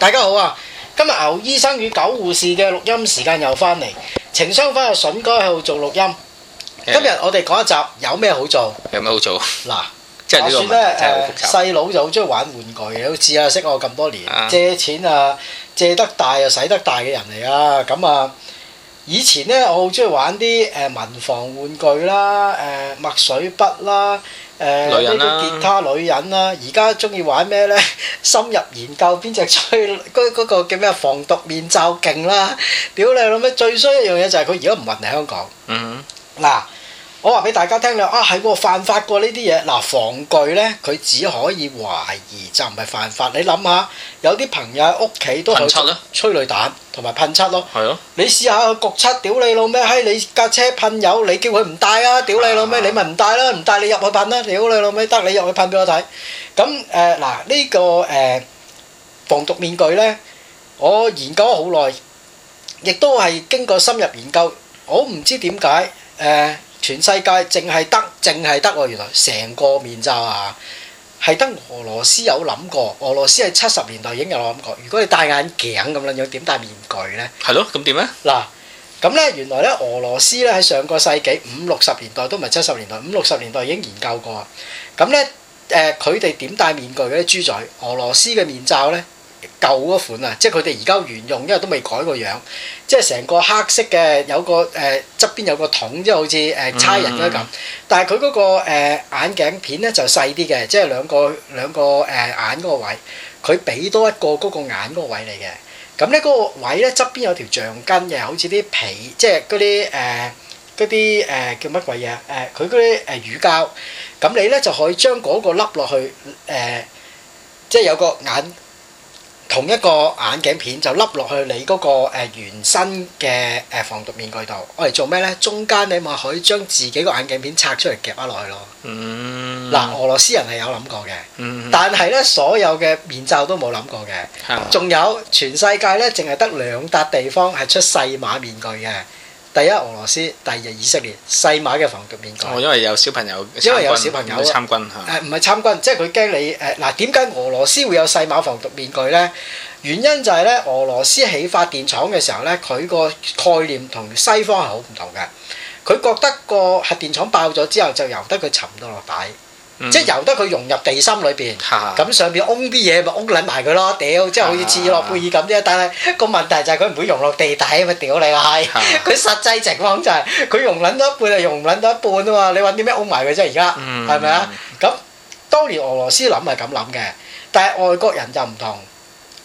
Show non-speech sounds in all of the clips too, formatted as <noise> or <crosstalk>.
大家好啊！今日牛醫生與狗護士嘅錄音時間又翻嚟，情商翻去笋哥喺度做錄音。嗯、今日我哋講一集，有咩好做？有咩好做？嗱喏，即係呢個細佬、啊、就好中意玩玩具，好似啊識我咁多年，啊、借錢啊借得大又使得大嘅人嚟啊！咁啊，以前呢，我好中意玩啲誒、呃、文房玩具啦，誒、呃、墨水筆啦。誒呢、呃啊、吉他女人啦、啊，而家中意玩咩呢？深入研究邊隻吹嗰個叫咩防毒面罩勁啦！屌你老味，最衰一樣嘢就係佢而家唔運嚟香港。嗯哼，嗱。我話俾大家聽啦，啊係喎，犯法個呢啲嘢嗱，防具呢，佢只可以懷疑就唔係犯法。你諗下，有啲朋友屋企都噴漆、噴漆、噴漆咯，催淚彈同埋噴漆咯，係咯。你試下個焗漆，屌你老咩？嘿，你架車噴油，你叫佢唔帶啊？屌你老咩？你咪唔帶啦，唔帶你入去噴啦，屌你老咩？得你入去噴俾我睇。咁誒嗱呢個誒、呃、防毒面具呢，我研究咗好耐，亦都係經過深入研究，我唔知點解誒。呃呃全世界淨係得淨係得我原來成個面罩啊，係得俄羅斯有諗過。俄羅斯喺七十年代已經有諗過。如果你戴眼鏡咁樣樣，點戴面具呢？係咯，咁點呢？嗱，咁呢，原來呢俄羅斯呢，喺上個世紀五六十年代都唔係七十年代，五六十年代已經研究過。咁呢，誒、呃，佢哋點戴面具啲豬嘴，俄羅斯嘅面罩呢？舊嗰款啊，即係佢哋而家沿用，因為都未改過樣，即係成個黑色嘅，有個誒側、呃、邊有個桶，即係好似誒差人咁。但係佢嗰個、呃、眼鏡片咧就細啲嘅，即係兩個兩個誒、呃、眼嗰個位，佢俾多一個嗰個眼嗰個位嚟嘅。咁咧嗰個位咧側邊有條橡筋嘅，好似啲皮，即係嗰啲誒嗰啲誒叫乜鬼嘢？誒佢嗰啲誒乳膠，咁你咧就可以將嗰個粒落去誒、呃，即係有個眼。同一個眼鏡片就笠落去你嗰個原生嘅誒防毒面具度，我嚟做咩呢？中間你咪可以將自己個眼鏡片拆出嚟夾一落去夾返落去咯。嗯，嗱，俄羅斯人係有諗過嘅，嗯嗯、但係呢所有嘅面罩都冇諗過嘅，仲、嗯、有全世界呢淨係得兩笪地方係出細碼面具嘅。第一，俄羅斯；第二，以色列。細碼嘅防毒面具。因為，因為有小朋友，因為有小朋友啊，參軍嚇。誒，唔係參軍，即係佢驚你誒。嗱，啊，點解俄羅斯會有細碼防毒面具咧？原因就係咧，俄羅斯起發電廠嘅時候咧，佢個概念同西方係好唔同嘅。佢覺得個核電廠爆咗之後，就由得佢沉到落底。即係由得佢融入地心裏邊，咁、啊、上面嗡啲嘢咪嗡撚埋佢咯，屌！即係好似切爾諾貝爾咁啫。但係個問題就係佢唔會融落地底、哎、啊嘛，屌你閪！佢實際情況，就係佢溶撚到一半就溶撚到一半啊嘛。你揾啲咩嗡埋佢啫？而家係咪啊？咁當然俄羅斯諗係咁諗嘅，但係外國人就唔同。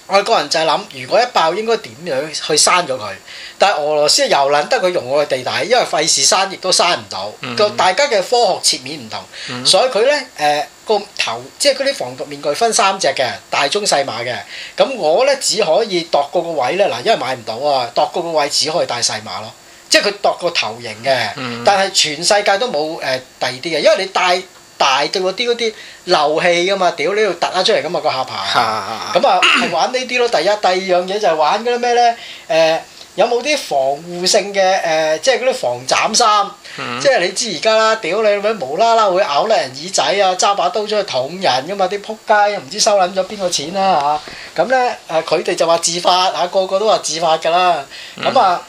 外國人就係諗，如果一爆應該點樣去刪咗佢？但係俄羅斯又懶得佢用我嘅地帶，因為費事刪亦都刪唔到。個大家嘅科學切面唔同，嗯、所以佢咧誒個頭，即係嗰啲防毒面具分三隻嘅，大中細碼嘅。咁我咧只可以度個個位咧嗱，因為買唔到啊，度個個位只可以戴細碼咯。即係佢度個頭型嘅，但係全世界都冇誒第二啲嘅，因為你戴。大對啲嗰啲漏氣噶嘛，屌你度突得出嚟噶嘛個下巴。咁啊係玩呢啲咯。第一、第二樣嘢就係玩嘅咩呢？誒有冇啲防護性嘅誒，即係嗰啲防斬衫？即係你知而家啦，屌你咪無啦啦會咬甩人耳仔啊，揸把刀出去捅人噶嘛，啲撲街唔知收撚咗邊個錢啦嚇。咁呢，誒佢哋就話自發嚇，個個都話自發㗎啦。咁啊，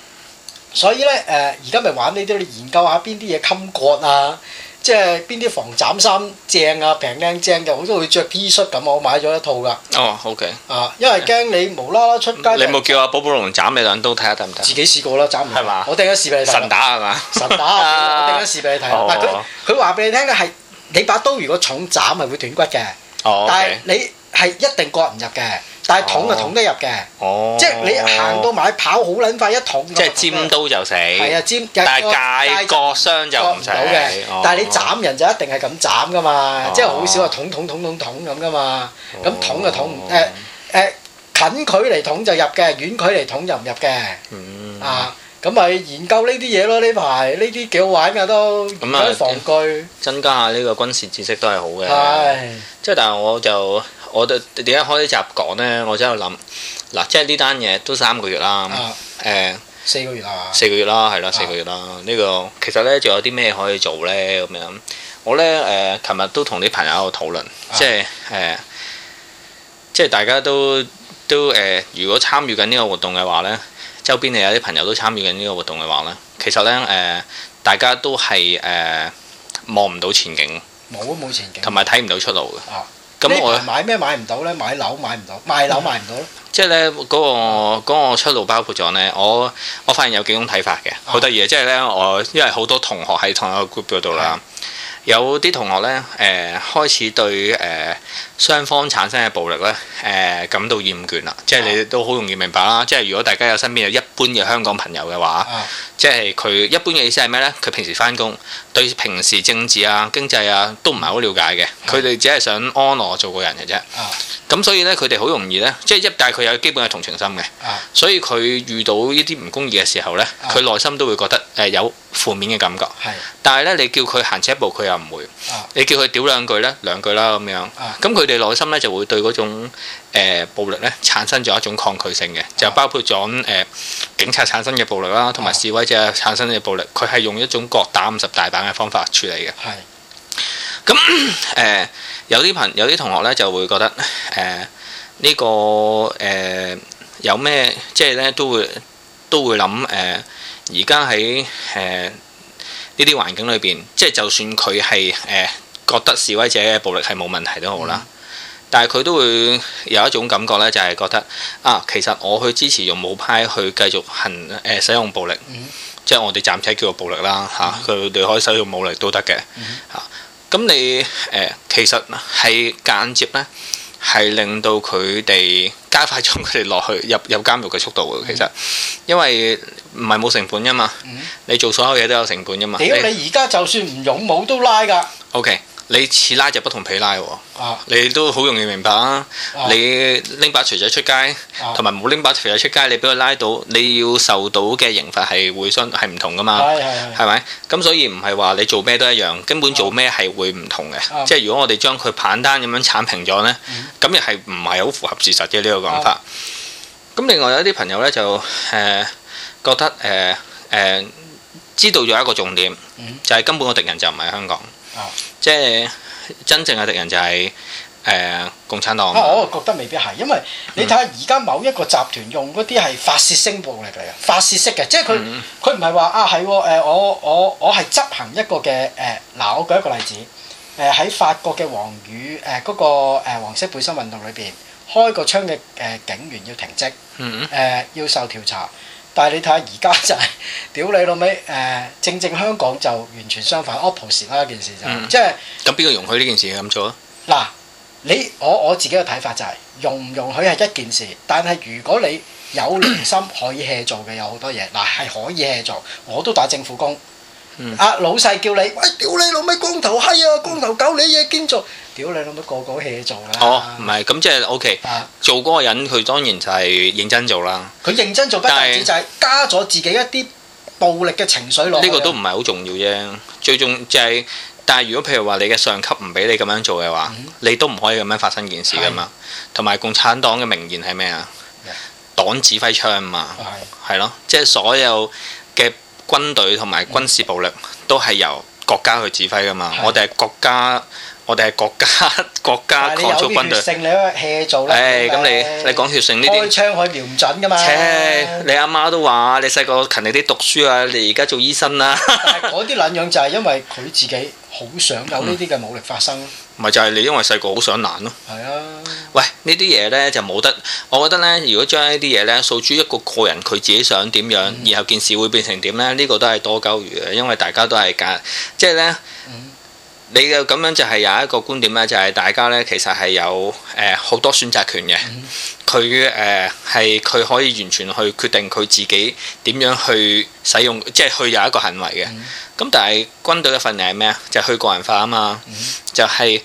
所以呢，誒而家咪玩呢啲，你研究下邊啲嘢襟割啊。即係邊啲防斬衫正啊，平靚正嘅，好中意着 T 恤咁，我買咗一套㗎。哦，好嘅，啊，因為驚你無啦啦出街。你冇叫阿寶寶龍斬你兩刀睇下得唔得？行行自己試過啦，斬唔係嘛？吧我掟一試俾你睇。神打係嘛？神打啊！掟 <laughs> 一試俾你睇。唔係， <laughs> 佢話俾你聽嘅係，你把刀如果重斬係會斷骨嘅。哦，oh, okay. 但係你。係一定割唔入嘅，但係捅就捅得入嘅。哦，即係你行到埋跑好撚快，一捅即係尖刀就死。係啊，尖。但係界割傷就唔使嘅。哦。但係你斬人就一定係咁斬噶嘛，即係好少話捅捅捅捅捅咁噶嘛。咁捅就捅唔誒誒近距離捅就入嘅，遠距離捅就唔入嘅。嗯。啊，咁咪研究呢啲嘢咯？呢排呢啲幾好玩嘅都，咁啊防具增加下呢個軍事知識都係好嘅。係。即係但係我就。我哋點解開啲集講咧？我真係諗嗱，即係呢單嘢都三個月啦，誒四個月啦，啦啊、四個月啦，係、這、啦、個，四個月啦。呢個其實咧，仲有啲咩可以做咧？咁樣我咧誒，琴、呃、日都同啲朋友喺度討論，啊、即係誒、呃，即係大家都都誒、呃，如果參與緊呢個活動嘅話咧，周邊嘅有啲朋友都參與緊呢個活動嘅話咧，其實咧誒、呃，大家都係誒望唔到前景，冇啊冇前景，同埋睇唔到出路嘅。啊咁我買咩買唔到咧？買樓買唔到，賣樓賣唔到咯。買買到嗯、即係咧嗰個出路包括咗咧，我我發現有幾種睇法嘅好得意嘅，即係咧我因為好多同學喺同一個 group 嗰度啦，有啲同學咧誒、嗯呃、開始對誒。呃雙方產生嘅暴力咧，誒感到厭倦啦，即係你都好容易明白啦。即係如果大家有身邊有一般嘅香港朋友嘅話，啊、即係佢一般嘅意思係咩咧？佢平時返工，對平時政治啊、經濟啊都唔係好了解嘅。佢哋只係想安樂做個人嘅啫。咁、啊、所以咧，佢哋好容易咧，即係一但佢有基本嘅同情心嘅，啊、所以佢遇到呢啲唔公義嘅時候咧，佢內、啊、心都會覺得誒有負面嘅感覺。啊、但係咧，你叫佢行一步，佢又唔會。啊、你叫佢屌兩句咧，兩句啦咁樣。咁佢。啊佢哋內心咧就會對嗰種，呃、暴力咧產生咗一種抗拒性嘅，就包括咗誒，呃、警察產生嘅暴力啦，同埋示威者產生嘅暴力，佢係用一種各打五十大板嘅方法處理嘅。係的。咁誒，呃，有啲朋有啲同學咧就會覺得誒，呃呢個呃，就是，呢個誒有咩即係咧都會都會諗誒而家喺誒呢啲環境裏邊，即，就，係，是，就算佢係誒覺得示威者嘅暴力係冇問題都好啦。嗯但係佢都會有一種感覺咧，就係覺得啊，其實我去支持用武派去繼續行誒、呃、使用暴力，嗯、即係我哋暫且叫做暴力啦嚇。佢哋、嗯啊、可以使用武力都得嘅嚇。咁、嗯啊、你誒、呃、其實係間接咧，係令到佢哋加快將佢哋落去入入監獄嘅速度嘅。其實、嗯、因為唔係冇成本噶嘛，嗯、你做所有嘢都有成本噶嘛。屌你而家就算唔用武，武都拉㗎。O K。你似拉就不同被拉喎，你都好容易明白啊！你拎把錘仔出街，同埋冇拎把錘仔出街，你俾佢拉到，你要受到嘅刑罰係會相係唔同噶嘛？係咪？ <coughs> 咁所以唔係話你做咩都一樣，根本做咩係會唔同嘅。 <coughs> 即係如果我哋將佢棒單咁樣鏟平咗呢，咁又係唔係好符合事實嘅呢、這個講法。咁 <coughs> 另外有一啲朋友呢，就、呃、誒覺得誒誒、呃呃、知道咗一個重點， <coughs> 就係根本個敵人就唔係香港。哦、即係真正嘅敵人就係、是、誒、呃、共產黨，啊。我覺得未必係，因為你睇下而家某一個集團用嗰啲係發泄性暴力嚟嘅，發泄式嘅，即係佢佢唔係話啊係誒我我我係執行一個嘅誒嗱，我舉一個例子誒喺、呃、法國嘅黃雨誒嗰、呃那個誒黃色背心運動裏邊，開個槍嘅誒警員要停職，誒、嗯呃、要受調查。但係你睇下而家就係、是、屌你老味，誒、呃、正正香港就完全相反。OPPO 時啦，件事就即係咁，邊個容許呢件事咁做啊？嗱，你我我自己嘅睇法就係、是、容唔容許係一件事，但係如果你有良心可以 hea 做嘅有好多嘢，嗱係可以 hea 做，我都打政府工。啊！老細叫你，喂，屌你老味光頭閪啊！光頭狗你嘢堅、喔 okay, 做，屌你老味個個 hea 做啦！哦，唔係咁即係 OK，做嗰個人佢當然就係認真做啦。佢認真做，不單止就係加咗自己一啲暴力嘅情緒落。呢個都唔係好重要啫。最重即係，但係如果譬如話你嘅上級唔俾你咁樣做嘅話，嗯、你都唔可以咁樣發生件事噶嘛。同埋共產黨嘅名言係咩啊？黨指揮槍嘛，係咯，即係所有嘅。軍隊同埋軍事暴力都係由國家去指揮噶嘛，的我哋係國家，我哋係國家國家抗組軍隊。你有你咁你你講血性呢啲？的開槍瞄唔準噶嘛？嘛你阿媽，媽都話你細個勤力啲讀書啊，你而家做醫生啦。嗰啲撚樣就係因為佢自己。好想有呢啲嘅武力發生，唔係、嗯、就係你因為細個好想懶咯。係啊，啊喂，呢啲嘢呢就冇得，我覺得呢，如果將呢啲嘢呢訴諸一個個人佢自己想點樣，然、嗯、後件事會變成點呢？呢、呢個都係多鳩餘嘅，因為大家都係㗎，即係呢。嗯你嘅咁樣就係有一個觀點咧，就係大家咧其實係有誒好多選擇權嘅。佢誒係佢可以完全去決定佢自己點樣去使用，即係去有一個行為嘅。咁、嗯、但係軍隊嘅訓練係咩啊？就係去個人化啊嘛。嗯、就係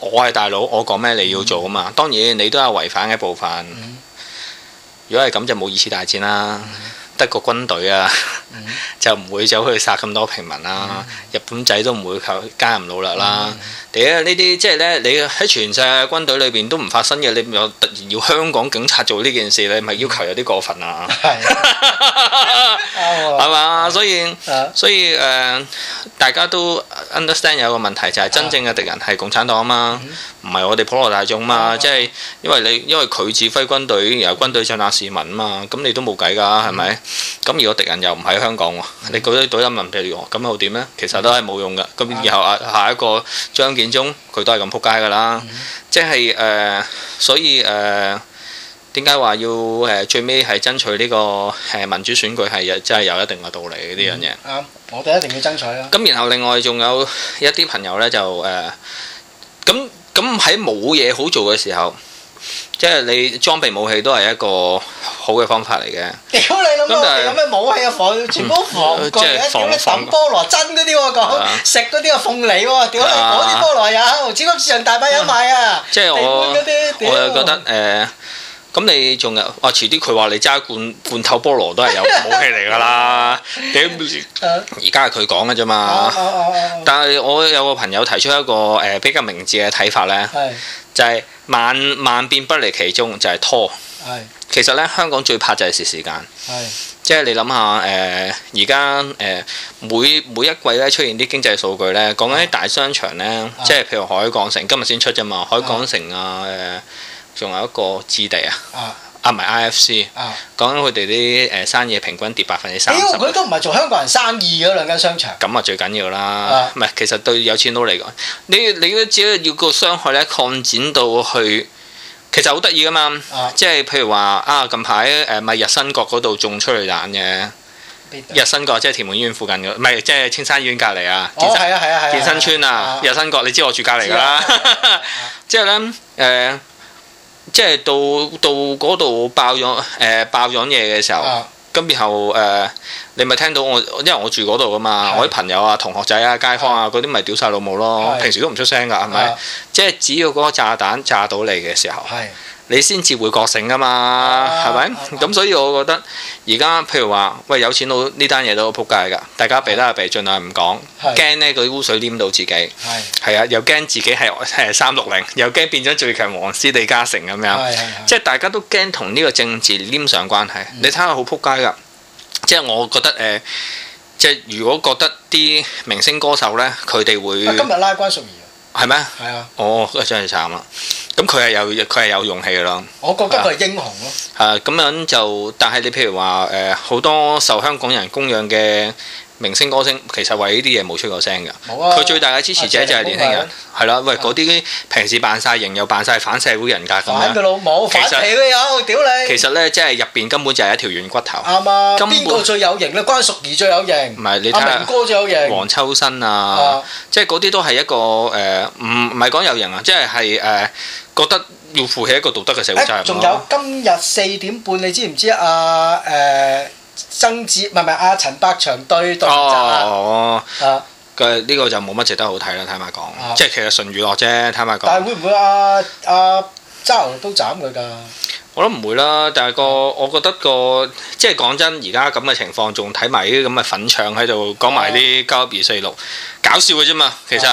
我係大佬，我講咩你要做啊嘛。嗯、當然你都有違反嘅部分。嗯、如果係咁就冇二次大戰啦。嗯嗯德國軍隊啊，就唔會走去殺咁多平民啦。日本仔都唔會求加入努力啦。第一呢啲即係呢，你喺全世界軍隊裏邊都唔發生嘅，你有突然要香港警察做呢件事，你咪要求有啲過分啊？係，係嘛？所以所以誒，大家都。Understand 有個問題就係、是、真正嘅敵人係共產黨啊嘛，唔係、嗯、我哋普羅大眾啊嘛，嗯、即係因為你，因為佢指揮軍隊，然後軍隊上壓市民啊嘛，咁你都冇計㗎係咪？咁、嗯、如果敵人又唔喺香港，嗯、你嗰啲隊伍民兵咁又點呢？其實都係冇用㗎。咁然、嗯、後啊，下一個張建宗佢都係咁撲街㗎啦，即係誒，所以誒。呃點解話要誒最尾係爭取呢個誒民主選舉係真係有一定嘅道理呢樣嘢，我哋一定要爭取啦。咁然後另外仲有一啲朋友咧就誒，咁咁喺冇嘢好做嘅時候，即係你裝備武器都係一個好嘅方法嚟嘅。屌你諗過有咩武器啊？防全部防具啊！屌咩抌菠蘿針嗰啲喎，講食嗰啲啊鳳梨喎，屌你嗰啲菠蘿有，超級市場大把有賣啊！即係我我又覺得誒。咁、嗯、你仲有？哦、啊，遲啲佢話你揸罐罐頭菠蘿都係有武器嚟㗎啦！ <laughs> 而家係佢講㗎啫嘛。但係我有個朋友提出一個誒、呃、比較明智嘅睇法呢，是就係、是、萬萬變不離其宗，就係、是、拖。是其實呢，香港最怕就係時時間。即係是你諗下誒，而家誒每每一季咧出現啲經濟數據呢，講緊啲大商場呢，即係譬如海港城今日先出啫嘛，海港城啊、呃呃呃仲有一個置地啊！啊啊，唔係 I F C 啊，講緊佢哋啲誒生意平均跌百分之三十。佢都唔係做香港人生意嗰兩間商場。咁啊，最緊要啦！唔係，其實對有錢佬嚟講，你你只要要個傷害咧擴展到去，其實好得意噶嘛！即係譬如話啊，近排誒咪日新國嗰度種出嚟攬嘅日新國，即係屯門醫院附近嘅，唔係即係青山醫院隔離啊！哦，係啊，係啊，係！健身村啊，日新國，你知我住隔離噶啦。之後咧誒。即係到到嗰度爆咗，誒、呃、爆咗嘢嘅時候，咁、啊、然後誒、呃，你咪聽到我，因為我住嗰度㗎嘛，是我啲朋友啊、同學仔啊、街坊啊嗰啲咪屌晒老母咯，是平時都唔出聲㗎，係咪啊？即係只要嗰個炸彈炸到你嘅時候。你先至會覺醒噶嘛，係咪？咁所以我覺得而家譬如話，喂有錢佬呢單嘢都好撲街㗎，大家避都係避，儘量唔講。驚呢啲污水黏到自己，係是啊，又驚自己係三六零，360，又驚變咗最強黃絲李嘉誠咁樣。即係大家都驚同呢個政治黏上關係。嗯、你睇下好撲街㗎，即係我覺得誒、呃，即係如果覺得啲明星歌手呢，佢哋會、啊、今日拉關崇賢。係咩？係啊！哦，真係慘啊。咁佢係有佢係有勇氣嘅咯。我覺得佢係英雄咯。啊，咁樣就，但係你譬如話誒，好多受香港人供養嘅。明星歌星其實為呢啲嘢冇出過聲㗎，佢最大嘅支持者就係年輕人，係啦。喂，嗰啲平時扮晒型又扮晒反社會人格咁樣，反嘅老母，反社會友，屌你！其實呢，即係入邊根本就係一條軟骨頭。啱啊，邊個最有型呢？關淑怡最有型。唔係你睇下，明哥最有型。黃秋生啊，即係嗰啲都係一個誒，唔唔係講有型啊，即係係誒覺得要負起一個道德嘅社會責任。仲有今日四點半，你知唔知啊？誒。曾志唔係唔係阿陳百祥對杜汶澤哦，啊，嘅呢個就冇乜值得好睇啦，坦白講，即係其實純娛樂啫，坦白講。但係會唔會阿阿周豪都斬佢㗎？我都唔會啦，但係個我覺得個即係講真，而家咁嘅情況仲睇埋呢啲咁嘅粉腸喺度講埋啲交杯四六搞笑嘅啫嘛。其實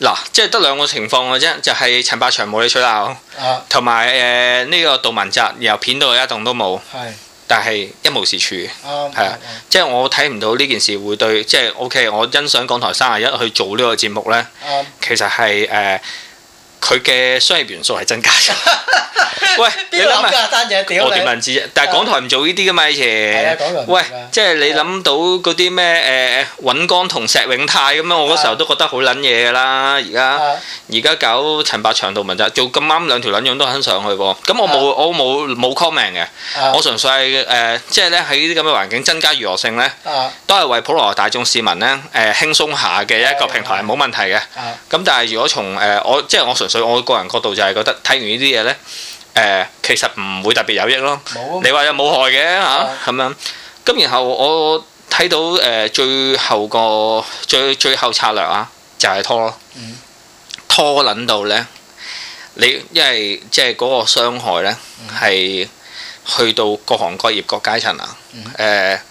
嗱，即係得兩個情況嘅啫，就係陳百祥冇你吹啦，同埋誒呢個杜汶澤由片到一棟都冇。係。但係一無是處，係啊，即係我睇唔到呢件事會對，即係 OK，我欣賞港台三十一去做呢個節目呢，um, 其實係誒。Uh, 佢嘅商業元素係增加嘅。喂，你諗下單嘢屌你！我點知啫？但係港台唔做呢啲嘅嘛，阿喂，即係你諗到嗰啲咩誒尹光同石永泰咁啊？我嗰時候都覺得好撚嘢㗎啦。而家而家搞陳百祥度文澤做，咁啱兩條撚樣都肯上去喎。咁我冇我冇冇 comment 嘅。我純粹係誒，即係咧喺呢啲咁嘅環境增加娛樂性咧，都係為普羅大眾市民咧誒輕鬆下嘅一個平台係冇問題嘅。咁但係如果從誒我即係我純。對我個人角度就係覺得睇完呢啲嘢呢，誒、呃、其實唔會特別有益咯。有你話有冇害嘅嚇咁樣，咁然後我睇到誒、呃、最後個最最後策略啊，就係、是、拖咯。嗯、拖撚到呢，你因為即係嗰個傷害呢，係、嗯、去到各行各業各階層啊，誒、嗯呃、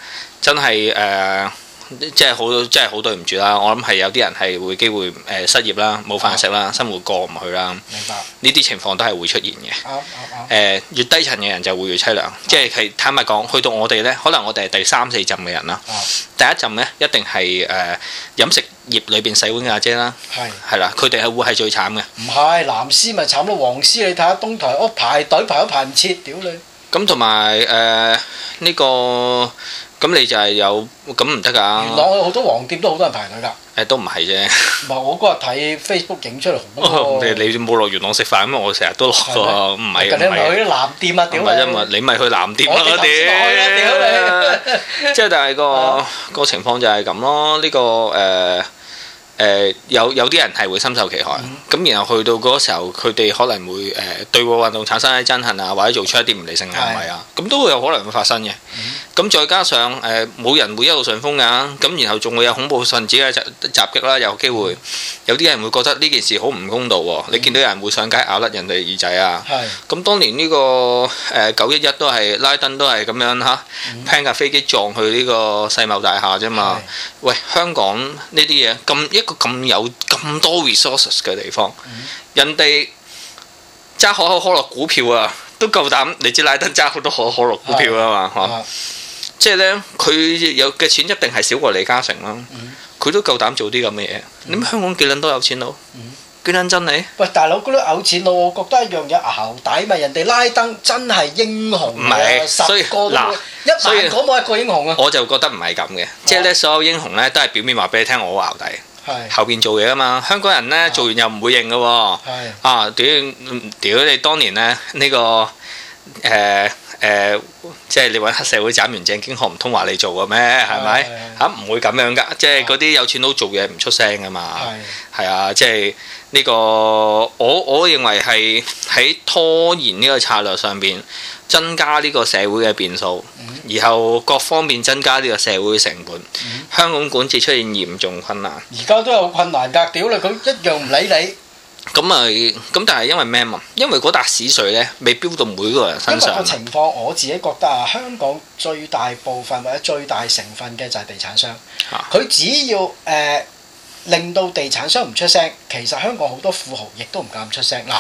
真係誒。呃即係好，真係好對唔住啦！我諗係有啲人係會機會誒失業啦，冇飯食啦，啊、生活過唔去啦。明白呢啲情況都係會出現嘅。誒、啊啊呃、越低層嘅人就會越淒涼，啊、即係係坦白講，去到我哋呢，可能我哋係第三四浸嘅人啦。啊、第一浸呢，一定係誒、呃、飲食業裏邊洗碗嘅阿姐啦。係係啦，佢哋係會係最慘嘅。唔係藍絲咪慘咯，黃絲你睇下東台屋排隊排一排唔切屌你。咁同埋誒呢個。咁你就係有咁唔得㗎？元朗有好多黃店都好多人排隊㗎。誒，都唔係啫。唔係我嗰日睇 Facebook 影出嚟，你冇落元朗食飯咩？我成日都落喎，唔係唔係。你落去藍店啊？屌你啫嘛！你咪去藍店我都屌。即係但係個個情況就係咁咯。呢個誒。誒有有啲人係會深受其害，咁然後去到嗰時候，佢哋可能會誒對外運動產生一啲憎恨啊，或者做出一啲唔理性行為啊，咁都會有可能會發生嘅。咁再加上誒冇人會一路順風噶，咁然後仲會有恐怖分子嘅襲襲擊啦，有機會。有啲人會覺得呢件事好唔公道，你見到有人會上街咬甩人哋耳仔啊。咁當年呢個誒九一一都係拉登都係咁樣嚇，拼架飛機撞去呢個世貿大廈啫嘛。喂，香港呢啲嘢咁一個咁有咁多 resources 嘅地方、mm，hmm、人哋揸可口可樂股票啊，都夠膽。你知拉登揸好多可口可樂股票啊嘛？即係 <noise> 呢，佢有嘅錢一定係少過李嘉誠啦。佢都夠膽做啲咁嘅嘢。咁香港幾捻都有錢佬，幾捻真你？喂，大佬嗰啲有錢佬，io, 我覺得一樣嘢淆底咪人哋拉登真係英雄嚟，十個嗱一百個冇一個英雄啊！我就覺得唔係咁嘅，即係呢，所有英雄呢，都係表面話俾你聽我淆底。係後邊做嘢噶嘛？香港人咧、啊、做完又唔會認噶喎。係啊，對是的、啊、於，於你當年咧呢、呢個誒誒、呃呃，即係你揾黑社會斬完正，經學唔通話你做嘅咩？係咪嚇唔會咁樣噶？即係嗰啲有錢佬做嘢唔出聲噶嘛。係、係、啊、個，即係呢個我我認為係喺拖延呢個策略上邊。增加呢個社會嘅變數，嗯、然後各方面增加呢個社會成本，嗯、香港管治出現嚴重困難。而家都有困難㗎，屌你佢一樣唔理你。咁咪咁？但係因為咩嘛？因為嗰笪屎水呢，未標到每個人身上。因為個情況，我自己覺得啊，香港最大部分或者最大成分嘅就係地產商，佢、啊、只要誒。呃令到地產商唔出聲，其實香港好多富豪亦都唔敢出聲。嗱，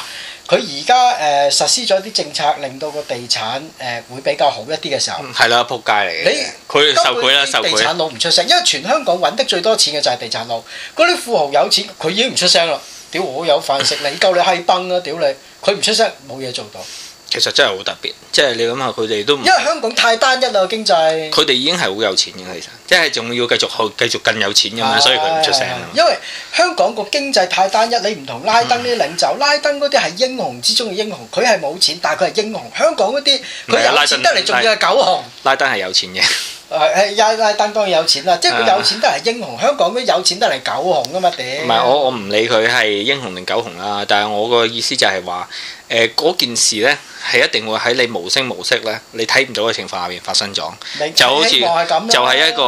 佢而家誒實施咗啲政策，令到個地產誒、呃、會比較好一啲嘅時候，係啦、嗯，仆街嚟嘅。你佢受惠啦，受地產佬唔出聲，因為全香港揾得最多錢嘅就係地產佬。嗰啲富豪有錢，佢已經唔出聲啦。屌 <laughs> 我有飯食，你夠你閪崩啊！屌你，佢唔 <laughs> 出聲，冇嘢做到。其實真係好特別，即係你諗下佢哋都因為香港太單一啦經濟，佢哋已經係好有錢嘅，其實即係仲要繼續去繼續更有錢咁樣，對 所以佢唔出聲。因為香港個經濟太單一，你唔同拉登呢啲領袖，嗯、拉登嗰啲係英雄之中嘅英雄，佢係冇錢，但係佢係英雄。香港嗰啲佢有錢得嚟仲要係狗熊。拉登係有錢嘅。 <laughs> 係係，又有錢啦，即係佢有錢得嚟英雄，啊、香港嗰有錢得嚟狗熊噶嘛，屌！唔係我我唔理佢係英雄定狗熊啦，但係我個意思就係話，嗰、呃、件事呢係一定會喺你無聲無息呢，你睇唔到嘅情況下面發生咗你，就好似就係一個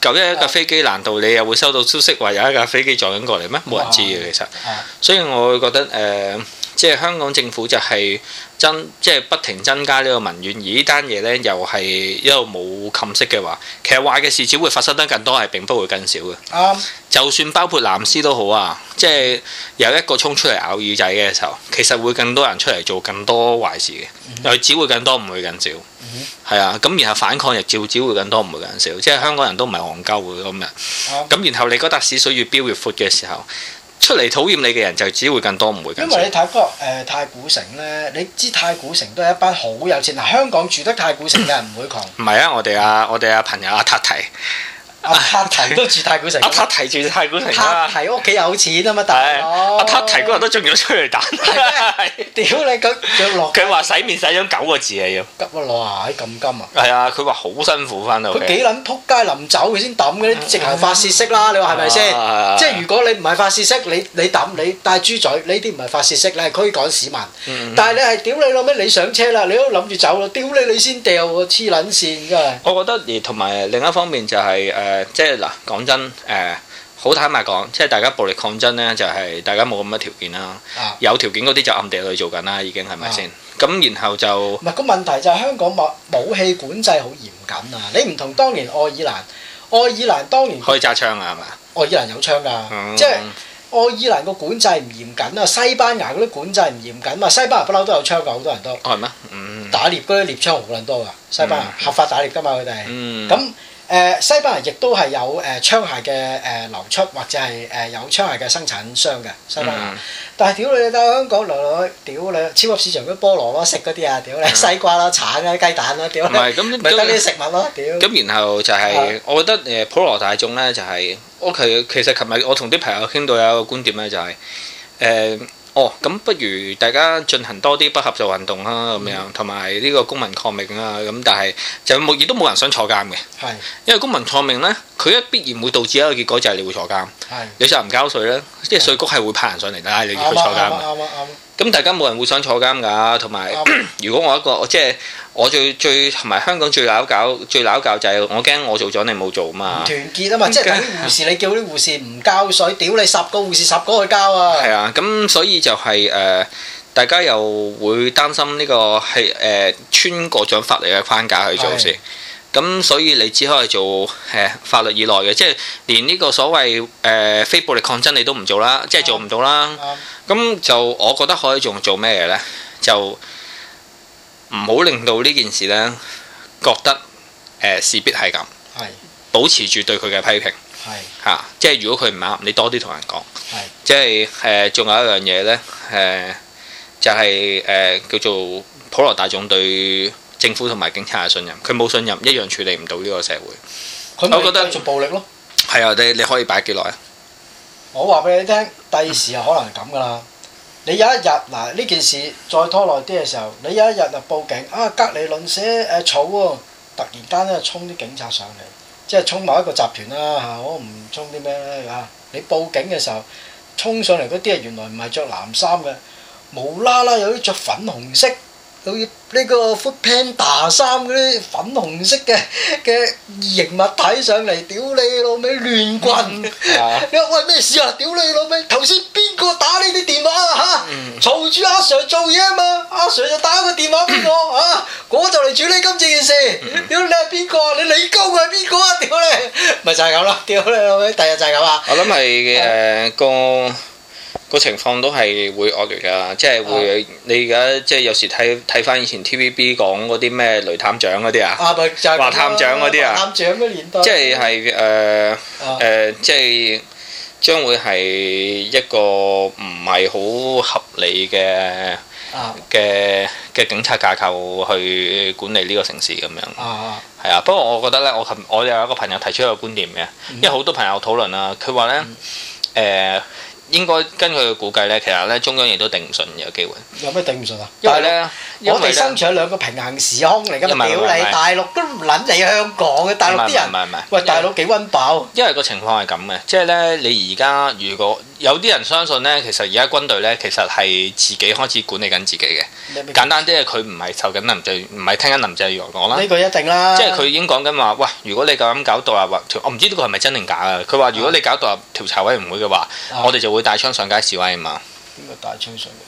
舊、啊、一架飛機難道你又會收到消息話有一架飛機撞緊過嚟咩？冇人知嘅其實。啊啊、所以我會覺得誒。呃即係香港政府就係增，即係不停增加呢個民怨。而呢單嘢呢又係一路冇冚息嘅話，其實壞嘅事只會發生得更多，係並不會更少嘅。Um, 就算包括藍絲都好啊，即係有一個衝出嚟咬耳仔嘅時候，其實會更多人出嚟做更多壞事嘅，又、uh huh. 只會更多，唔會更少。係啊、uh，咁、huh. 然後反抗亦照只會更多，唔會更少。即係香港人都唔係戇鳩嘅咁樣。咁、uh huh. 然後你嗰笪屎水越飆越闊嘅時候。出嚟討厭你嘅人就只會更多，唔會更多。因為你睇嗰個太古城咧，你知太古城都係一班好有錢嗱，香港住得太古城嘅人唔會窮。唔係 <coughs> 啊，我哋啊， <coughs> 我哋啊朋友阿、啊、塔提。阿塔提都住太古城，阿塔、啊、提住太古城。阿塔提屋企有錢啊嘛，大佬。阿塔、啊、提嗰日都中咗出嚟打。屌你咁，佢話洗面洗咗九個字啊要。急乜落啊？咁急啊！係啊！佢話好辛苦翻到佢幾撚撲街，臨走佢先抌嘅，直行發泄式啦！你話係咪先？即係如果你唔係發泄式，你你抌你帶豬嘴，呢啲唔係發泄式，你係驅趕市民。嗯嗯、但係你係屌你老咩？你上車啦，你都諗住走啦。屌你！你先掉個黐撚線，真係。我覺得而同埋另一方面就係、是、誒。呃即係嗱，講真誒、呃，好坦白講，即係大家暴力抗爭咧，就係、是、大家冇咁嘅條件啦。啊、有條件嗰啲就暗地裏去做緊啦，已經係咪先？咁、啊、然後就唔係個問題就係香港武武器管制好嚴謹啊！你唔同當年愛爾蘭，愛爾蘭當年可以揸槍啊係嘛？愛爾蘭有槍噶，嗯、即係愛爾蘭個管制唔嚴謹啊，西班牙嗰啲管制唔嚴謹啊，西班牙不嬲都有槍噶，好多人都。哦，係咩？嗯、打獵嗰啲獵槍好撚多噶，西班牙、嗯、合法打獵噶嘛佢哋。咁。誒西班牙亦都係有誒、呃、槍械嘅誒流出，或者係誒有槍械嘅生產商嘅西班牙。嗯、但係屌你得香港來來屌你，超級市場嗰啲菠蘿咯，食嗰啲啊，屌、呃、你、嗯、西瓜啦、橙啊、雞蛋啦，屌你唔係咁，係啲食物咯，屌。咁然後就係、是呃、我覺得誒普羅大眾咧就係、是、我其實其實琴日我同啲朋友傾到有一個觀點咧就係、是、誒。呃呃哦，咁不如大家進行多啲不合作運動啊，咁樣同埋呢個公民抗命啊，咁但係就冇，亦都冇人想坐監嘅，係的因為公民抗命咧，佢一必然會導致一個結果就係你會坐監，的有時候唔交稅咧，即係稅局係會派人上嚟，嗌你去坐監嘅。咁大家冇人會想坐監㗎，同埋、嗯、如果我一個即係我最最同埋香港最鬧交最鬧交就係、是、我驚我做咗你冇做嘛，團結啊嘛，該即係啲護士你叫啲護士唔交水，嗯、屌你十個護士十個去交啊，係啊，咁所以就係、是、誒、呃、大家又會擔心呢、這個係誒、呃、穿過咗法例嘅框架去做事。的咁所以你只可以做誒、呃、法律以內嘅，即係連呢個所謂誒、呃、非暴力抗爭你都唔做啦，即係做唔到啦。咁、嗯、就我覺得可以仲做咩嘢咧？就唔好令到呢件事咧覺得誒、呃、事必係咁。係是保持住對佢嘅批評。係嚇是、啊，即係如果佢唔啱，你多啲同人講。係是即係誒，仲、呃、有一樣嘢咧，誒、呃、就係、是、誒、呃、叫做普羅大眾對。政府同埋警察嘅信任，佢冇信任，一樣處理唔到呢個社會。就我覺得做暴力咯。係啊，你你可以擺幾耐啊？我話俾你聽，第時啊可能係咁㗎啦。你有一日嗱呢件事再拖耐啲嘅時候，你有一日就報警啊，隔離鄰舍誒嘈喎，突然間咧衝啲警察上嚟，即係衝某一個集團啦嚇，我唔衝啲咩啦嚇。你報警嘅時候，衝上嚟嗰啲啊原來唔係着藍衫嘅，無啦啦有啲着粉紅色。到呢個 Foodpanda 衫嗰啲粉紅色嘅嘅異物睇上嚟，屌你老味亂棍！ <laughs> 你，你話喂咩事啊？屌你老味！頭先邊個打呢啲電話啊？嚇！嘈住阿 Sir 做嘢啊嘛！阿 Sir 就打個電話俾我嚇、 <noise> 啊，我就嚟處理今次件事。屌、嗯、你係邊個？你理鳩佢係邊個啊？屌你！咪 <noise> 就係咁啦！屌你老味，第日就係咁啊！我諗係誒個。個情況都係會惡劣㗎，即係會、啊、你而家即係有時睇睇返以前 TVB 講嗰啲咩雷探長嗰啲啊，華、就是、探長嗰啲啊，探長嘅年代，即係係誒誒，即係將會係一個唔係好合理嘅嘅嘅警察架構去管理呢個城市咁樣。係啊，啊，不過我覺得咧，我我又有一個朋友提出一個觀點嘅，嗯、因為好多朋友討論啊，佢話咧誒。嗯呃應該根據佢估計咧，其實咧中央亦都頂唔順有機會。有咩頂唔順啊？因為咧，因為呢，我哋生存兩個平行時空嚟噶嘛，大陸都唔撚理香港嘅，大陸啲人。唔係唔係喂，大陸幾溫飽啊？因為個情況係咁嘅，即係咧，你而家如果有啲人相信咧，其實而家軍隊咧，其實係自己開始管理緊自己嘅。簡單啲啊，佢唔係受緊林鄭，唔係聽緊林鄭講啦。呢個一定啦。即係佢已經講緊話，喂，如果你咁搞獨立或我唔知呢個係咪真定假啊？佢話如果你搞獨立調查委員會嘅話，的我哋就會。會帶槍上街示威啊嘛？點解帶槍上街？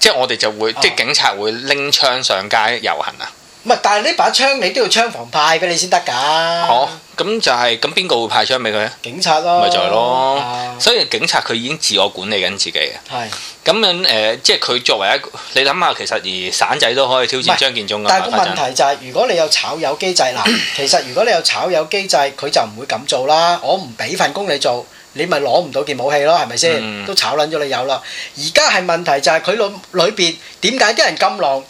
即係我哋就會，即係、啊、警察會拎槍上街遊行啊？唔係，但係呢把槍你都要槍房派俾你先得噶。哦，咁就係、是，咁邊個會派槍俾佢咧？警察咯，咪就係咯。啊、所以警察佢已經自我管理緊自己啊。係咁是樣誒、呃，即係佢作為一個，你諗下，其實而散仔都可以挑戰張建中噶，但係是問題就係、是，如果你有炒友機制嗱， <coughs> 其實如果你有炒友機制，佢就唔會咁做啦。我唔俾份工你做。你咪攞唔到件武器咯，係咪先？嗯、都炒撚咗你油啦。而家係問題就係佢裏裏邊點解啲人咁狼，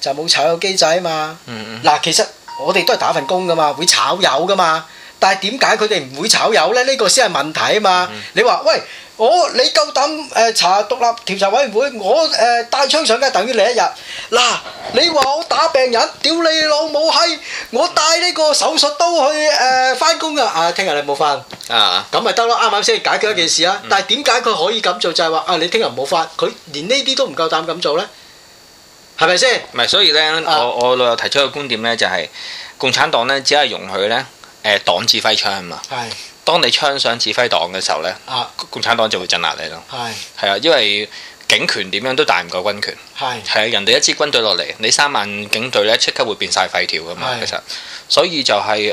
就冇、是、炒油機制啊嘛。嗱，嗯、其實我哋都係打份工噶嘛，會炒油噶嘛。但係點解佢哋唔會炒魷咧？呢個先係問題啊嘛！你話喂我，你夠膽誒查獨立調查委員會？我誒帶槍上街，等於你一日嗱！你話我打病人，屌你老母閪！我帶呢個手術刀去誒返工啊！啊，聽日你冇返啊，咁咪得咯？啱啱先解決一件事啊！但係點解佢可以咁做？就係話啊，你聽日冇返，佢連呢啲都唔夠膽咁做咧，係咪先？唔係，所以咧，我我老友提出嘅觀點咧，就係共產黨咧，只係容許咧。誒黨指揮槍啊嘛，係是。當你槍上指揮黨嘅時候咧，啊，共產黨就會鎮壓你咯。係是。係啊，因為警權點樣都大唔過軍權。係是。係啊，人哋一支軍隊落嚟，你三萬警隊咧即刻會變晒廢條㗎嘛。是其實，所以就係、是、誒，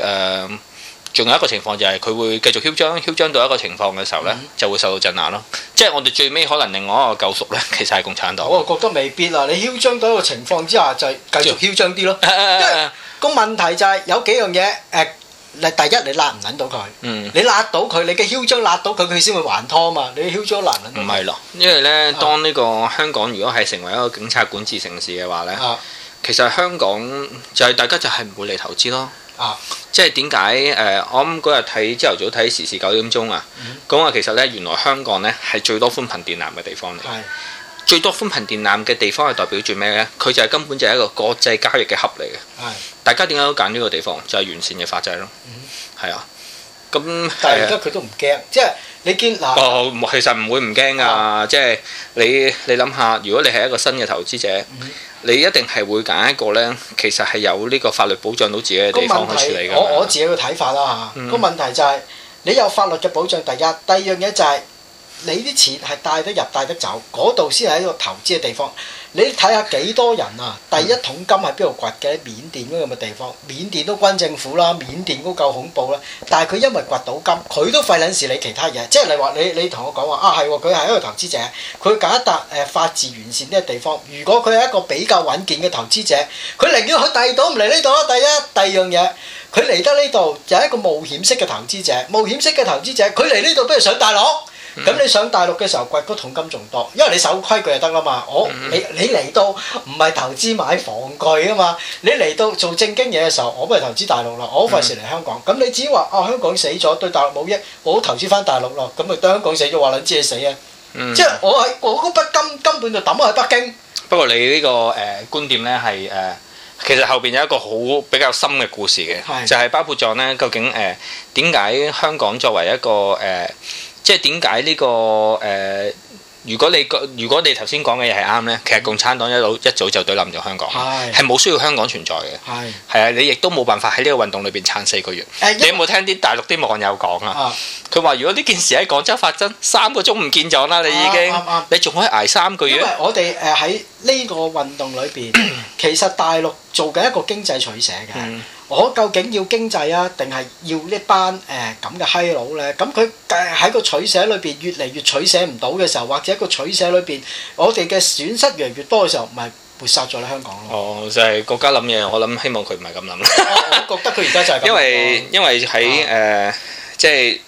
仲、呃、有一個情況就係、是、佢會繼續囂張，囂張到一個情況嘅時候咧，嗯、就會受到鎮壓咯。即係我哋最尾可能另外一個救贖咧，其實係共產黨。我覺得未必啦！你囂張到一個情況之下，就係繼續囂張啲咯。個 <laughs> 問題就係有幾樣嘢誒。呃第一你揦唔揾到佢，你揦到佢、嗯，你嘅囂張揦到佢，佢先會還拖啊嘛！你囂張揾揾唔係咯？因為咧，當呢個香港如果係成為一個警察管治城市嘅話咧，啊、其實香港就係、是、大家就係唔會嚟投資咯。啊，即係點解？誒、呃，我諗嗰日睇朝頭早睇時事九點鐘啊，咁話、嗯、其實咧，原來香港咧係最多寬頻電纜嘅地方嚟，是最多寬頻電纜嘅地方係代表住咩咧？佢就係根本就係一個國際交易嘅盒嚟嘅是。係。大家點解都揀呢個地方？就係、是、完善嘅法制咯。係、嗯、啊，咁但係而家佢都唔驚，即係你見嗱、啊哦。其實唔會唔驚噶，即係、啊、你你諗下，如果你係一個新嘅投資者，嗯、你一定係會揀一個咧，其實係有呢個法律保障到自己嘅地方去處理㗎。我我自己嘅睇法啦嚇，嗯、個問題就係、是、你有法律嘅保障第一，第二樣嘢就係、是。你啲錢係帶得入帶得走，嗰度先係一個投資嘅地方。你睇下幾多人啊？第一桶金喺邊度掘嘅？緬甸嗰樣嘅地方，緬甸都軍政府啦，緬甸都夠恐怖啦。但係佢因為掘到金，佢都費撚事理其他嘢。即係你話你你同我講話啊，係喎，佢係一個投資者，佢揀一笪誒法治完善啲嘅地方。如果佢係一個比較穩健嘅投資者，佢寧願去第二度唔嚟呢度啦。第一、第二樣嘢，佢嚟得呢度就係一個冒險式嘅投資者。冒險式嘅投資者，佢嚟呢度不如上大陸。咁你上大陸嘅時候掘嗰桶金仲多，bod 嗯嗯、因為你守規矩就得啦嘛。我、嗯、你你嚟到唔係投資買房具啊嘛，你嚟到做正經嘢嘅時候，我咪投資大陸咯，我費事嚟香港。咁你只要話哦，香港死咗對大陸冇益，我投資翻大陸咯，咁咪對香港死咗話你知你死啊！即係我喺我嗰筆金根本就抌喺北京。不過你呢個誒觀點咧係誒，其實後邊有一個好比較深嘅故事嘅，就係、是、包括咗咧究竟誒點解香港作為一個誒？呃即係點解呢個誒、呃？如果你個如果你頭先講嘅嘢係啱咧，其實共產黨一早一早就對冧咗香港，係冇是需要香港存在嘅，係係啊！你亦都冇辦法喺呢個運動裏邊撐四個月。為你有冇聽啲大陸啲網友講啊？佢話如果呢件事喺廣州發生，三個鐘唔見咗啦，你已經、啊啊啊、你仲可以捱三個月。我哋誒喺呢個運動裏邊， <coughs> 其實大陸做緊一個經濟取捨嘅。嗯我、哦、究竟要經濟啊，定係要班、呃、呢班誒咁嘅閪佬咧？咁佢喺個取捨裏邊越嚟越取捨唔到嘅時候，或者個取捨裏邊我哋嘅損失越嚟越多嘅時候，咪抹殺咗啦香港咯。哦，就係、是、國家諗嘢，我諗希望佢唔係咁諗。 <laughs> 哦、我覺得佢而家就係因為因為喺誒即係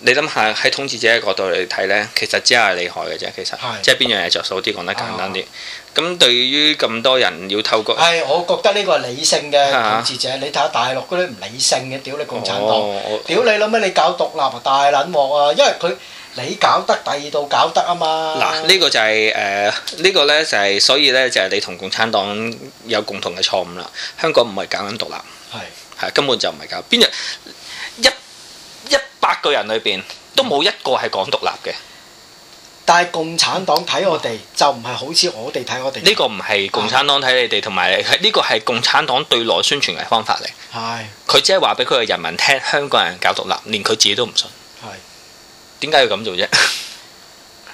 你諗下喺統治者嘅角度嚟睇咧，其實只係厲害嘅啫，其實是即係邊樣嘢着數啲，講得簡單啲。啊咁對於咁多人要透過，係我覺得呢個係理性嘅統治者，你睇下大陸嗰啲唔理性嘅，屌你共產黨，屌你諗咩，你搞獨立啊，大撚鑊啊，因為佢你搞得第二度搞得啊嘛。嗱呢個就係誒呢個咧就係所以咧就係你同共產黨有共同嘅錯誤啦。香港唔係搞緊獨立，係係根本就唔係搞。邊有一一百個人裏邊都冇一個係講獨立嘅。但係共產黨睇我哋就唔係好似我哋睇我哋呢個唔係共產黨睇你哋，同埋呢個係共產黨對內宣傳嘅方法嚟。係佢即係話俾佢嘅人民聽，香港人搞獨立，連佢自己都唔信。係點解要咁做啫？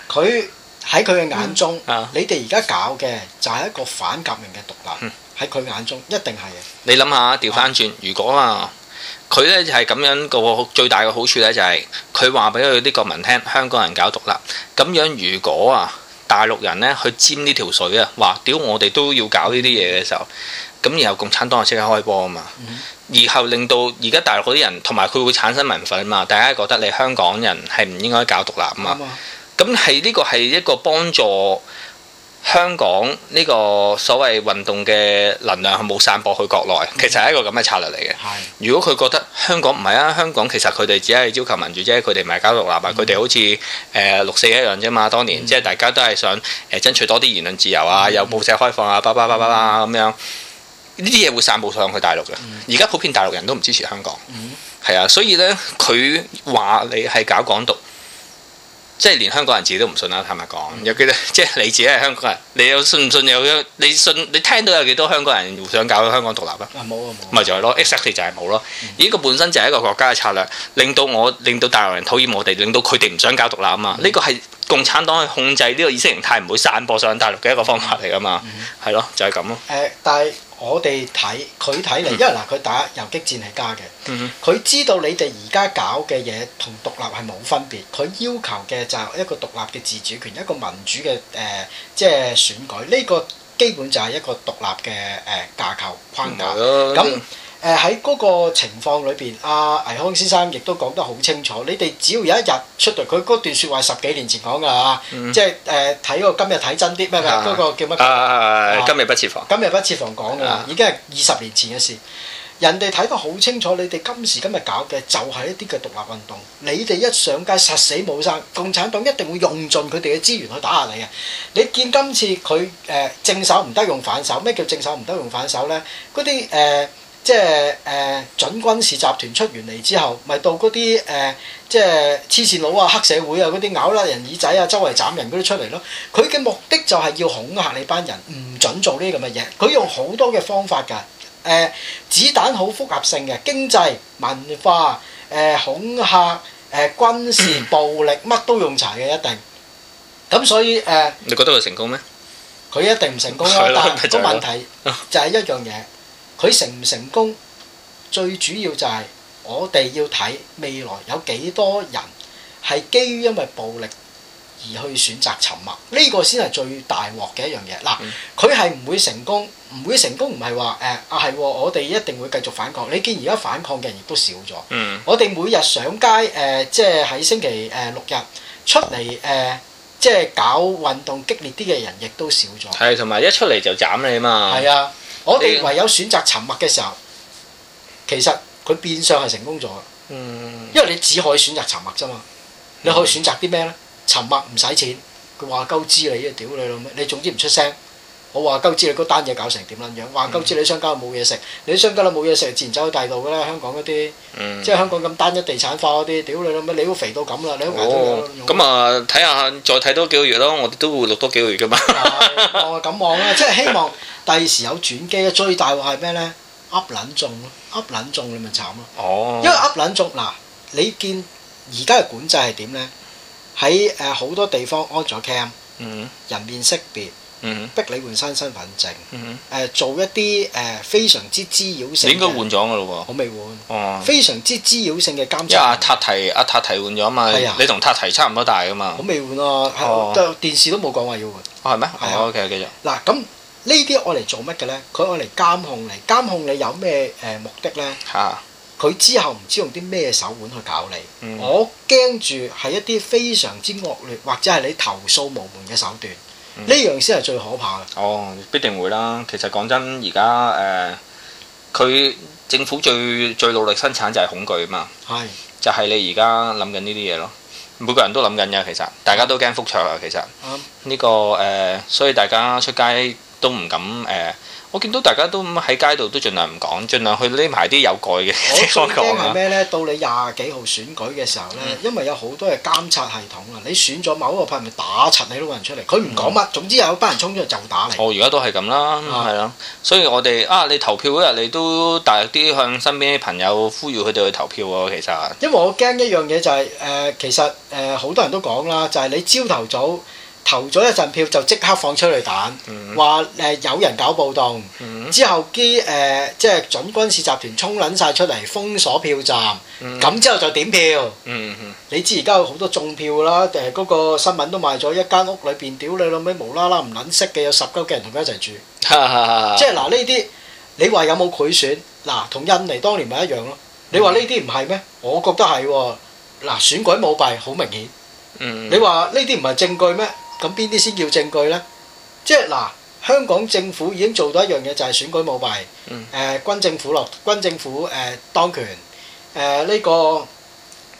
佢喺佢嘅眼中，嗯、你哋而家搞嘅就係一個反革命嘅獨立。喺佢、嗯、眼中，一定係你諗下調翻轉，的如果啊。佢咧就係咁樣個最大嘅好處咧，就係佢話俾佢啲國民聽，香港人搞獨立。咁樣如果啊大陸人咧去沾呢條水啊，話屌我哋都要搞呢啲嘢嘅時候，咁然後共產黨就即刻開波啊嘛。然、嗯、後令到而家大陸嗰啲人，同埋佢會產生民憤啊嘛。大家覺得你香港人係唔應該搞獨立啊嘛。咁係呢個係一個幫助。香港呢個所謂運動嘅能量係冇散播去國內，其實係一個咁嘅策略嚟嘅。如果佢覺得香港唔係啊，香港其實佢哋只係要求民主啫，佢哋唔係搞獨立，佢哋、嗯、好似、呃、六四一樣啫嘛。當年、嗯、即係大家都係想誒爭取多啲言論自由啊，又報、嗯、社開放啊，巴拉巴拉巴咁樣。呢啲嘢會散播上去大陸嘅。而家普遍大陸人都唔支持香港，係、嗯、啊，所以呢，佢話你係搞港獨。即係連香港人自己都唔信啦，坦白講。有幾多？即係你自己係香港人，你又信唔信你有？有你信？你聽到有幾多香港人想搞香港獨立啊？冇啊咪就係咯，exactly 就係冇咯。而呢個本身就係一個國家嘅策略，令到我令到大陸人討厭我哋，令到佢哋唔想搞獨立啊嘛。呢個係共產黨去控制呢個意識形態，唔會散播上大陸嘅一個方法嚟㗎嘛。係咯、嗯，就係咁咯。但係。我哋睇佢睇嚟，因為嗱佢打遊擊戰係加嘅，佢知道你哋而家搞嘅嘢同獨立係冇分別，佢要求嘅就係一個獨立嘅自主權，一個民主嘅誒，即係選舉，呢個基本就係一個獨立嘅誒架構框架。嗯誒喺嗰個情況裏邊，阿、啊、倪康倪匡先生亦都講得好清楚。你哋只要有一日出台，佢嗰段説話十幾年前講噶啦，嗯、即係誒睇個今日睇真啲咩㗎？嗰個叫乜？今日不設防。今日不設防講嘅啦，啊、已經係二十年前嘅事。人哋睇得好清楚，你哋今時今日搞嘅就係一啲嘅獨立運動。你哋一上街實死冇生，共產黨一定會用盡佢哋嘅資源去打壓你嘅。你見今次佢誒、呃、正手唔得用反手，咩叫正手唔得用反手咧？嗰啲誒。呃呃即係誒準軍事集團出完嚟之後，咪到嗰啲誒即係黐線佬啊、黑社會啊嗰啲咬甩人耳仔啊、周圍斬人嗰啲出嚟咯。佢嘅目的就係要恐嚇你班人，唔準做呢啲咁嘅嘢。佢用好多嘅方法㗎，誒、呃、子彈好複合性嘅，經濟、文化、誒、呃、恐嚇、誒、呃、軍事暴力，乜都用齊嘅一定。咁所以誒，呃、你覺得佢成功咩？佢一定唔成功的但係是個問題就係一樣嘢。佢成唔成功，最主要就係我哋要睇未來有幾多人係基於因為暴力而去選擇沉默，呢個先係最大鑊嘅一樣嘢。嗱，佢係唔會成功，唔會成功唔係話誒啊，係，我哋一定會繼續反抗。你見而家反抗嘅人亦都少咗。嗯、我哋每日上街誒、呃、即係喺星期誒六日出嚟誒、呃、即係搞運動激烈啲嘅人亦都少咗。係，同埋一出嚟就斬你啊嘛。係啊。我哋唯有選擇沉默嘅時候，其實佢變相係成功咗。嗯，因為你只可以選擇沉默啫嘛，你可以選擇啲咩咧？沉默唔使錢，佢話鳩知你啊！屌你老咩！你總之唔出聲，我話鳩知你嗰單嘢搞成點撚樣，話鳩知你商家冇嘢食，你商家啦冇嘢食，自然走去第二度噶啦。香港嗰啲，即係香港咁單一地產化嗰啲，屌你老咩！你都肥到咁啦，你好牙都冇啦。咁啊，睇下再睇多幾個月咯，我哋都會錄多幾個月噶嘛。我咁望啦，即係希望。第時有轉機，最大鑊係咩咧？噏撚中咯，噏撚中你咪慘咯。哦，因為噏撚中嗱，你見而家嘅管制係點咧？喺誒好多地方安咗 cam，嗯、人面識別，嗯、逼你換身身份證，嗯、做一啲誒非常之滋擾性，應該換咗噶咯喎，未換，哦，非常之滋擾性嘅監察，阿塔提阿塔提換咗啊嘛，你同塔提差唔多大噶嘛，好未換啊，電視都冇講話要換，哦係咩？係啊，繼續，嗱咁。呢啲用嚟做乜嘅呢？佢用嚟監控你，監控你有咩誒目的呢？嚇、啊！佢之後唔知用啲咩手腕去搞你。嗯、我驚住係一啲非常之惡劣，或者係你投訴無門嘅手段。呢、嗯、樣先係最可怕嘅。哦，必定會啦。其實講真，而家誒，佢、呃、政府最最努力生產就係恐懼啊嘛。係是，就係你而家諗緊呢啲嘢咯。每個人都諗緊嘅，其實大家都驚覆巢啊。其實呢、嗯這個誒、呃，所以大家出街。都唔敢誒、呃，我見到大家都喺街度都盡量唔講，盡量去匿埋啲有蓋嘅地方講啦。我最驚係咩咧？ <laughs> 到你廿幾號選舉嘅時候咧，嗯、因為有好多嘅監察系統啊，你選咗某一個派，咪打柒你都個人出嚟，佢唔講乜，嗯、總之有一班人衝出嚟就打你。哦、嗯，而家都係咁啦，係啦，所以我哋啊，你投票嗰日你都大力啲向身邊啲朋友呼籲佢哋去投票喎，其實。因為我驚一樣嘢就係、是、誒、呃，其實誒好、呃呃呃呃、多人都講啦，就係、是、你朝頭早。投咗一陣票就即刻放出嚟彈，話誒有人搞暴動。嗯、之後啲誒、呃、即係準軍事集團衝撚晒出嚟，封鎖票站。咁、嗯、之後就點票。嗯嗯、你知而家有好多種票啦，誒、呃、嗰、嗰個新聞都賣咗一間屋裏邊，屌你老味無啦啦唔撚識嘅有十鳩嘅人同佢一齊住。哈哈哈哈即係嗱呢啲，你話有冇賄選？嗱，同印尼當年咪一樣咯。你話呢啲唔係咩？我覺得係喎。嗱、啊，選舉舞弊好明顯。嗯、你話呢啲唔係證據咩？咁邊啲先叫證據呢？即係嗱，香港政府已經做到一樣嘢，就係選舉舞弊，誒軍政府落軍政府誒當權，誒呢個誒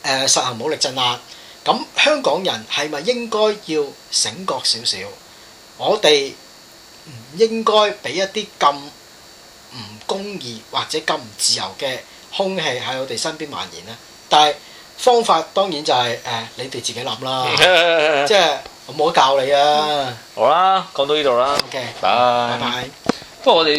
實行武力鎮壓。咁香港人係咪應該要醒覺少少？我哋唔應該俾一啲咁唔公義或者咁唔自由嘅空氣喺我哋身邊蔓延呢。但係方法當然就係誒你哋自己諗啦，即係。我冇得教你啊！好啦，講到呢度啦，OK，拜拜拜拜。不過我哋。